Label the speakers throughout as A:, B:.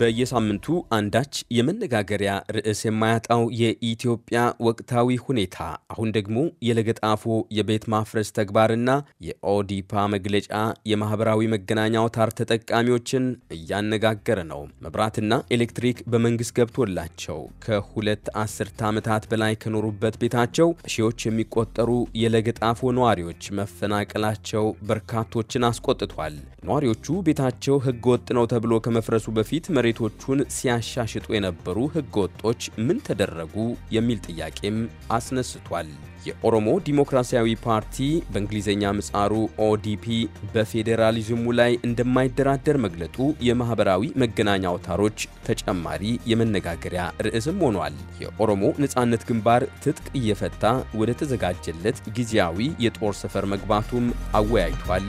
A: በየሳምንቱ አንዳች የመነጋገሪያ ርዕስ የማያጣው የኢትዮጵያ ወቅታዊ ሁኔታ አሁን ደግሞ የለገጣፎ የቤት ማፍረስ ተግባርና የኦዲፓ መግለጫ የማህበራዊ መገናኛ አውታር ተጠቃሚዎችን እያነጋገረ ነው። መብራትና ኤሌክትሪክ በመንግስት ገብቶላቸው ከሁለት አስርተ ዓመታት በላይ ከኖሩበት ቤታቸው ሺዎች የሚቆጠሩ የለገጣፎ ነዋሪዎች መፈናቀላቸው በርካቶችን አስቆጥቷል። ነዋሪዎቹ ቤታቸው ህገወጥ ነው ተብሎ ከመፍረሱ በፊት መሬቶቹን ሲያሻሽጡ የነበሩ ሕገወጦች ምን ተደረጉ የሚል ጥያቄም አስነስቷል። የኦሮሞ ዲሞክራሲያዊ ፓርቲ በእንግሊዝኛ ምጻሩ ኦዲፒ በፌዴራሊዝሙ ላይ እንደማይደራደር መግለጡ የማህበራዊ መገናኛ አውታሮች ተጨማሪ የመነጋገሪያ ርዕስም ሆኗል። የኦሮሞ ነጻነት ግንባር ትጥቅ እየፈታ ወደ ተዘጋጀለት ጊዜያዊ የጦር ሰፈር መግባቱም አወያይቷል።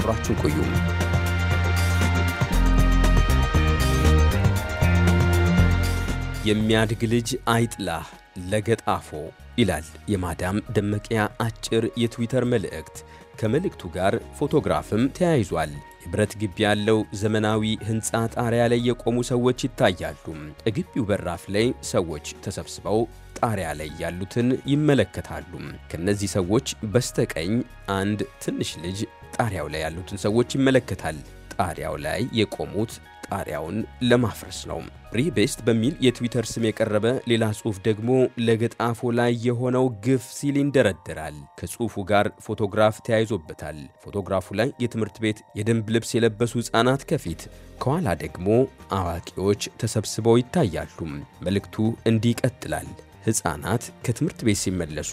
A: አብራችን ቆዩም የሚያድግ ልጅ አይጥላህ ለገጣፎ ይላል የማዳም ደመቅያ አጭር የትዊተር መልእክት። ከመልእክቱ ጋር ፎቶግራፍም ተያይዟል። የብረት ግቢ ያለው ዘመናዊ ሕንፃ ጣሪያ ላይ የቆሙ ሰዎች ይታያሉ። ግቢው በራፍ ላይ ሰዎች ተሰብስበው ጣሪያ ላይ ያሉትን ይመለከታሉ። ከነዚህ ሰዎች በስተቀኝ አንድ ትንሽ ልጅ ጣሪያው ላይ ያሉትን ሰዎች ይመለከታል። ጣሪያው ላይ የቆሙት ጣሪያውን ለማፍረስ ነው። ሪቤስት በሚል የትዊተር ስም የቀረበ ሌላ ጽሑፍ ደግሞ ለገጣፎ ላይ የሆነው ግፍ ሲል ይንደረደራል። ከጽሑፉ ጋር ፎቶግራፍ ተያይዞበታል። ፎቶግራፉ ላይ የትምህርት ቤት የደንብ ልብስ የለበሱ ሕፃናት ከፊት ከኋላ ደግሞ አዋቂዎች ተሰብስበው ይታያሉ። መልእክቱ እንዲህ ይቀጥላል። ሕፃናት ከትምህርት ቤት ሲመለሱ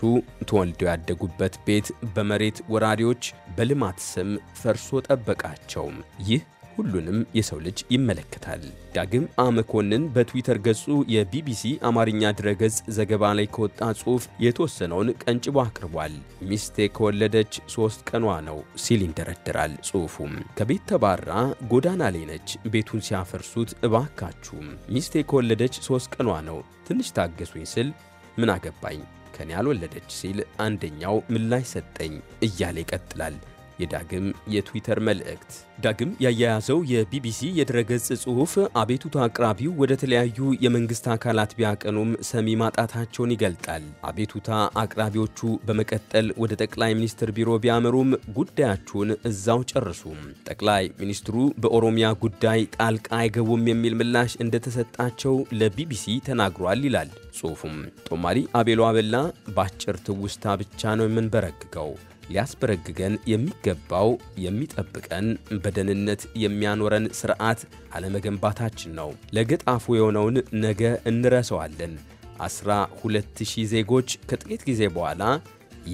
A: ተወልደው ያደጉበት ቤት በመሬት ወራሪዎች በልማት ስም ፈርሶ ጠበቃቸው። ይህ ሁሉንም የሰው ልጅ ይመለከታል። ዳግም አመኮንን በትዊተር ገጹ የቢቢሲ አማርኛ ድረገጽ ዘገባ ላይ ከወጣ ጽሑፍ የተወሰነውን ቀንጭቦ አቅርቧል። ሚስቴ ከወለደች ሶስት ቀኗ ነው ሲል ይንደረደራል ጽሑፉም። ከቤት ተባራ ጎዳና ላይ ነች፣ ቤቱን ሲያፈርሱት እባካችሁ ሚስቴ ከወለደች ሶስት ቀኗ ነው ትንሽ ታገሱኝ ስል ምን አገባኝ ከኔ አልወለደች ሲል አንደኛው ምላሽ ሰጠኝ እያለ ይቀጥላል። የዳግም የትዊተር መልእክት ዳግም ያያያዘው የቢቢሲ የድረገጽ ጽሑፍ አቤቱታ አቅራቢው ወደ ተለያዩ የመንግስት አካላት ቢያቀኑም ሰሚ ማጣታቸውን ይገልጣል። አቤቱታ አቅራቢዎቹ በመቀጠል ወደ ጠቅላይ ሚኒስትር ቢሮ ቢያመሩም ጉዳያችሁን እዛው ጨርሱም፣ ጠቅላይ ሚኒስትሩ በኦሮሚያ ጉዳይ ጣልቃ አይገቡም የሚል ምላሽ እንደተሰጣቸው ለቢቢሲ ተናግሯል ይላል ጽሑፉም። ጦማሪ አቤሎ አበላ በአጭር ትውስታ ብቻ ነው የምንበረግገው ሊያስበረግገን የሚገባው የሚጠብቀን በደህንነት የሚያኖረን ስርዓት አለመገንባታችን ነው። ለገጣፉ የሆነውን ነገ እንረሰዋለን። አስራ ሁለት ሺህ ዜጎች ከጥቂት ጊዜ በኋላ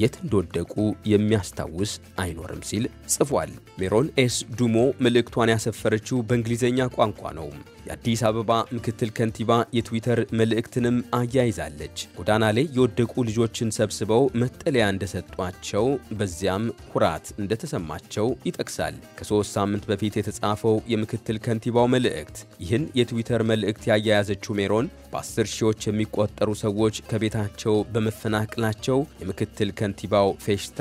A: የት እንደወደቁ የሚያስታውስ አይኖርም ሲል ጽፏል። ሜሮን ኤስ ዱሞ መልእክቷን ያሰፈረችው በእንግሊዝኛ ቋንቋ ነው። የአዲስ አበባ ምክትል ከንቲባ የትዊተር መልእክትንም አያይዛለች። ጎዳና ላይ የወደቁ ልጆችን ሰብስበው መጠለያ እንደሰጧቸው በዚያም ኩራት እንደተሰማቸው ይጠቅሳል። ከሶስት ሳምንት በፊት የተጻፈው የምክትል ከንቲባው መልእክት። ይህን የትዊተር መልእክት ያያያዘችው ሜሮን በአስር ሺዎች የሚቆጠሩ ሰዎች ከቤታቸው በመፈናቅላቸው የምክትል ከንቲባው ፌሽታ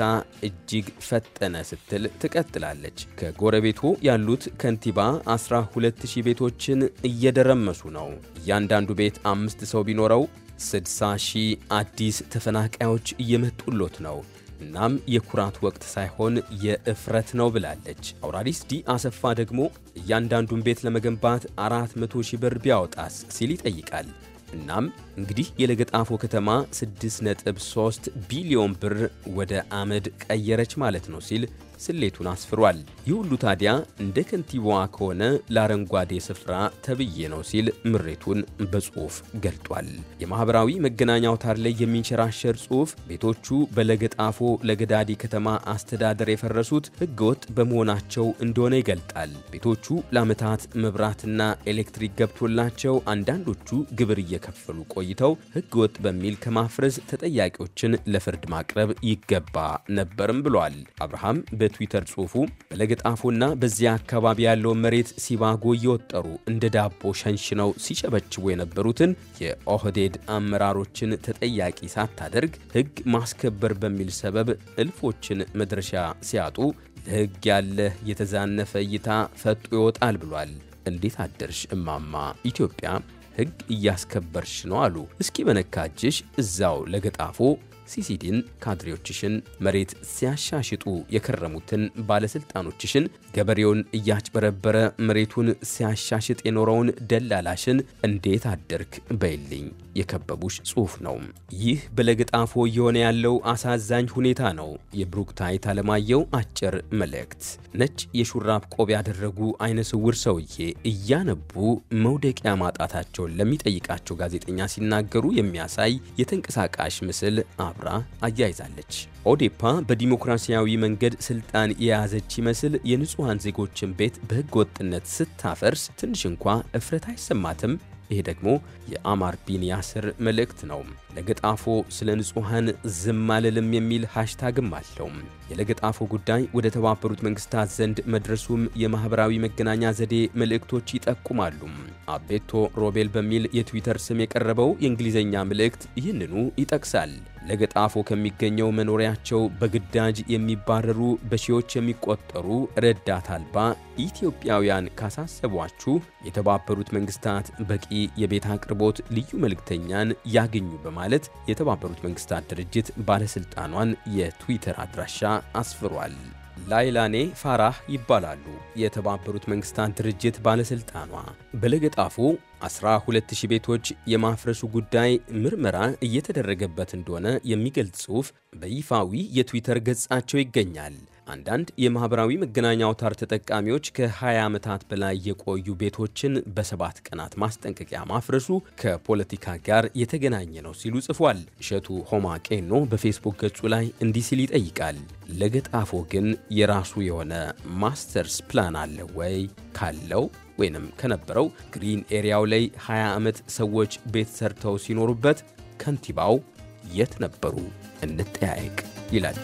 A: እጅግ ፈጠነ ስትል ትቀጥላለች። ከጎረቤቱ ያሉት ከንቲባ 12 ሺህ ቤቶችን እየደረመሱ ነው። እያንዳንዱ ቤት አምስት ሰው ቢኖረው 60 ሺህ አዲስ ተፈናቃዮች እየመጡሎት ነው። እናም የኩራት ወቅት ሳይሆን የእፍረት ነው ብላለች። አውራሪስ ዲ አሰፋ ደግሞ እያንዳንዱን ቤት ለመገንባት 400 ሺህ ብር ቢያወጣስ ሲል ይጠይቃል። እናም እንግዲህ የለገጣፎ ከተማ 6.3 ቢሊዮን ብር ወደ አመድ ቀየረች ማለት ነው ሲል ስሌቱን አስፍሯል። ይህ ሁሉ ታዲያ እንደ ከንቲባዋ ከሆነ ለአረንጓዴ ስፍራ ተብዬ ነው ሲል ምሬቱን በጽሑፍ ገልጧል። የማኅበራዊ መገናኛ አውታር ላይ የሚንሸራሸር ጽሑፍ ቤቶቹ በለገጣፎ ለገዳዲ ከተማ አስተዳደር የፈረሱት ሕገወጥ በመሆናቸው እንደሆነ ይገልጣል። ቤቶቹ ለዓመታት መብራትና ኤሌክትሪክ ገብቶላቸው አንዳንዶቹ ግብር እየከፈሉ ቆ ቆይተው ሕገ ወጥ በሚል ከማፍረስ ተጠያቂዎችን ለፍርድ ማቅረብ ይገባ ነበርም ብሏል። አብርሃም በትዊተር ጽሑፉ በለገጣፎና በዚያ አካባቢ ያለውን መሬት ሲባጎ እየወጠሩ እንደ ዳቦ ሸንሽነው ሲጨበችቡ የነበሩትን የኦህዴድ አመራሮችን ተጠያቂ ሳታደርግ ህግ ማስከበር በሚል ሰበብ እልፎችን መድረሻ ሲያጡ ለህግ ያለ የተዛነፈ እይታ ፈጦ ይወጣል ብሏል። እንዴት አደርሽ እማማ ኢትዮጵያ ህግ እያስከበርሽ ነው አሉ። እስኪ መነካጅሽ እዛው ለገጣፎ ሲሲዲን፣ ካድሬዎችሽን፣ መሬት ሲያሻሽጡ የከረሙትን ባለሥልጣኖችሽን ገበሬውን እያጭበረበረ መሬቱን ሲያሻሽጥ የኖረውን ደላላሽን እንዴት አደርክ በይልኝ የከበቡሽ ጽሑፍ ነው። ይህ በለግጣፎ እየሆነ ያለው አሳዛኝ ሁኔታ ነው። የብሩክታይት አለማየሁ አጭር መልእክት። ነጭ የሹራብ ቆብ ያደረጉ አይነ ስውር ሰውዬ እያነቡ መውደቂያ ማጣታቸውን ለሚጠይቃቸው ጋዜጠኛ ሲናገሩ የሚያሳይ የተንቀሳቃሽ ምስል አብሮ እንደሚመራ አያይዛለች። ኦዴፓ በዲሞክራሲያዊ መንገድ ስልጣን የያዘች ይመስል የንጹሐን ዜጎችን ቤት በህገ ወጥነት ስታፈርስ ትንሽ እንኳ እፍረት አይሰማትም። ይሄ ደግሞ የአማር ቢን ያስር መልእክት ነው። ለገጣፎ ስለ ንጹሐን ዝም አልልም የሚል ሃሽታግም አለው። የለገጣፎ ጉዳይ ወደ ተባበሩት መንግስታት ዘንድ መድረሱም የማኅበራዊ መገናኛ ዘዴ መልእክቶች ይጠቁማሉ። አቤቶ ሮቤል በሚል የትዊተር ስም የቀረበው የእንግሊዝኛ መልእክት ይህንኑ ይጠቅሳል። ለገጣፎ ከሚገኘው መኖሪያቸው በግዳጅ የሚባረሩ በሺዎች የሚቆጠሩ ረዳት አልባ ኢትዮጵያውያን ካሳሰቧችሁ የተባበሩት መንግስታት በቂ የቤት አቅርቦት ልዩ መልእክተኛን ያገኙ በማለት የተባበሩት መንግስታት ድርጅት ባለሥልጣኗን የትዊተር አድራሻ አስፍሯል። ላይላኔ ፋራህ ይባላሉ። የተባበሩት መንግስታት ድርጅት ባለሥልጣኗ በለገጣፉ 12000 ቤቶች የማፍረሱ ጉዳይ ምርመራ እየተደረገበት እንደሆነ የሚገልጽ ጽሑፍ በይፋዊ የትዊተር ገጻቸው ይገኛል። አንዳንድ የማህበራዊ መገናኛ አውታር ተጠቃሚዎች ከ20 ዓመታት በላይ የቆዩ ቤቶችን በሰባት ቀናት ማስጠንቀቂያ ማፍረሱ ከፖለቲካ ጋር የተገናኘ ነው ሲሉ ጽፏል። እሸቱ ሆማ ቄኖ በፌስቡክ ገጹ ላይ እንዲህ ሲል ይጠይቃል። ለገጣፎ ግን የራሱ የሆነ ማስተርስ ፕላን አለ ወይ? ካለው ወይንም ከነበረው ግሪን ኤሪያው ላይ 20 ዓመት ሰዎች ቤት ሰርተው ሲኖሩበት ከንቲባው የት ነበሩ? እንጠያየቅ ይላል።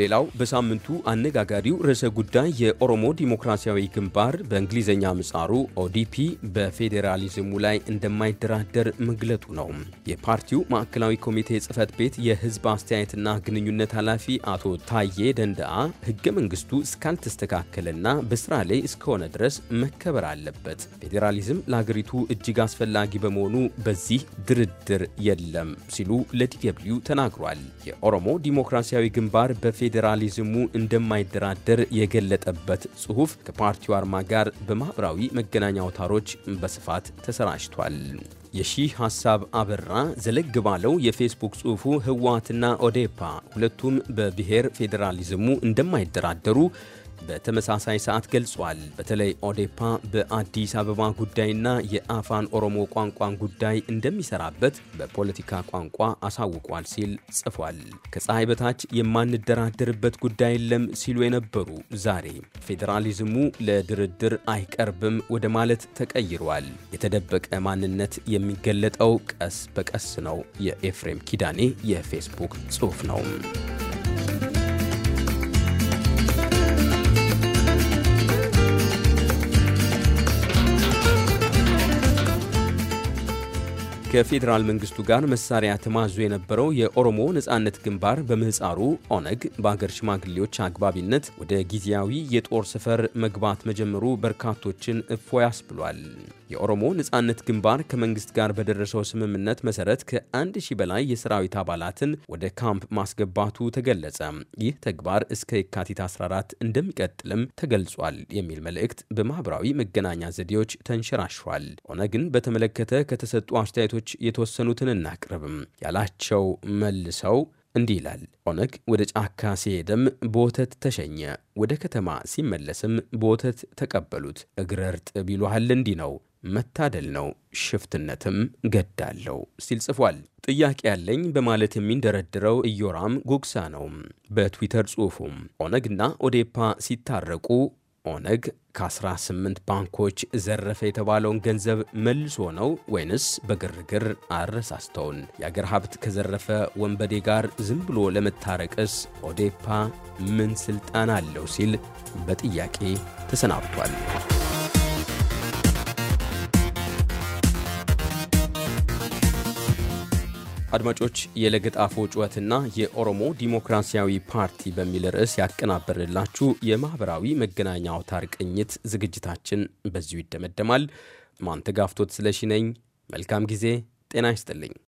A: ሌላው በሳምንቱ አነጋጋሪው ርዕሰ ጉዳይ የኦሮሞ ዲሞክራሲያዊ ግንባር በእንግሊዝኛ ምጻሩ ኦዲፒ በፌዴራሊዝሙ ላይ እንደማይደራደር መግለጡ ነው። የፓርቲው ማዕከላዊ ኮሚቴ ጽህፈት ቤት የህዝብ አስተያየትና ግንኙነት ኃላፊ አቶ ታዬ ደንዳአ ህገ መንግስቱ እስካልተስተካከለና በስራ ላይ እስከሆነ ድረስ መከበር አለበት፣ ፌዴራሊዝም ለሀገሪቱ እጅግ አስፈላጊ በመሆኑ በዚህ ድርድር የለም ሲሉ ለዲደብልዩ ተናግሯል። የኦሮሞ ዲሞክራሲያዊ ግንባር በፌ ፌዴራሊዝሙ እንደማይደራደር የገለጠበት ጽሑፍ ከፓርቲው አርማ ጋር በማኅበራዊ መገናኛ አውታሮች በስፋት ተሰራጭቷል። የሺህ ሐሳብ አበራ ዘለግ ባለው የፌስቡክ ጽሑፉ ህወሓትና ኦዴፓ ሁለቱም በብሔር ፌዴራሊዝሙ እንደማይደራደሩ በተመሳሳይ ሰዓት ገልጿል። በተለይ ኦዴፓ በአዲስ አበባ ጉዳይና የአፋን ኦሮሞ ቋንቋን ጉዳይ እንደሚሰራበት በፖለቲካ ቋንቋ አሳውቋል ሲል ጽፏል። ከፀሐይ በታች የማንደራደርበት ጉዳይ የለም ሲሉ የነበሩ ዛሬ ፌዴራሊዝሙ ለድርድር አይቀርብም ወደ ማለት ተቀይሯል። የተደበቀ ማንነት የሚገለጠው ቀስ በቀስ ነው። የኤፍሬም ኪዳኔ የፌስቡክ ጽሑፍ ነው። ከፌዴራል መንግስቱ ጋር መሳሪያ ተማዙ የነበረው የኦሮሞ ነጻነት ግንባር በምህፃሩ ኦነግ በአገር ሽማግሌዎች አግባቢነት ወደ ጊዜያዊ የጦር ሰፈር መግባት መጀመሩ በርካቶችን እፎያስ ብሏል። የኦሮሞ ነጻነት ግንባር ከመንግስት ጋር በደረሰው ስምምነት መሰረት ከአንድ ሺህ በላይ የሰራዊት አባላትን ወደ ካምፕ ማስገባቱ ተገለጸ። ይህ ተግባር እስከ የካቲት 14 እንደሚቀጥልም ተገልጿል የሚል መልእክት በማህበራዊ መገናኛ ዘዴዎች ተንሸራሽሯል። ኦነግን በተመለከተ ከተሰጡ አስተያየቶች የተወሰኑትን እናቅርብም። ያላቸው መልሰው እንዲህ ይላል። ኦነግ ወደ ጫካ ሲሄደም በወተት ተሸኘ፣ ወደ ከተማ ሲመለስም በወተት ተቀበሉት። እግረ እርጥብ ይሉሃል እንዲህ ነው መታደል ነው፣ ሽፍትነትም ገዳለው ሲል ጽፏል። ጥያቄ ያለኝ በማለት የሚንደረድረው ኢዮራም ጉግሳ ነው። በትዊተር ጽሑፉም ኦነግና ኦዴፓ ሲታረቁ ኦነግ ከ18 ባንኮች ዘረፈ የተባለውን ገንዘብ መልሶ ነው ወይንስ በግርግር አረሳስተውን? የአገር ሀብት ከዘረፈ ወንበዴ ጋር ዝም ብሎ ለመታረቅስ ኦዴፓ ምን ስልጣን አለው ሲል በጥያቄ ተሰናብቷል። አድማጮች የለገጣፎ ጩኸትና የኦሮሞ ዲሞክራሲያዊ ፓርቲ በሚል ርዕስ ያቀናበርላችሁ የማኅበራዊ መገናኛ አውታር ቅኝት ዝግጅታችን በዚሁ ይደመደማል። ማንተጋፍቶት ስለሺ ነኝ። መልካም ጊዜ። ጤና ይስጥልኝ።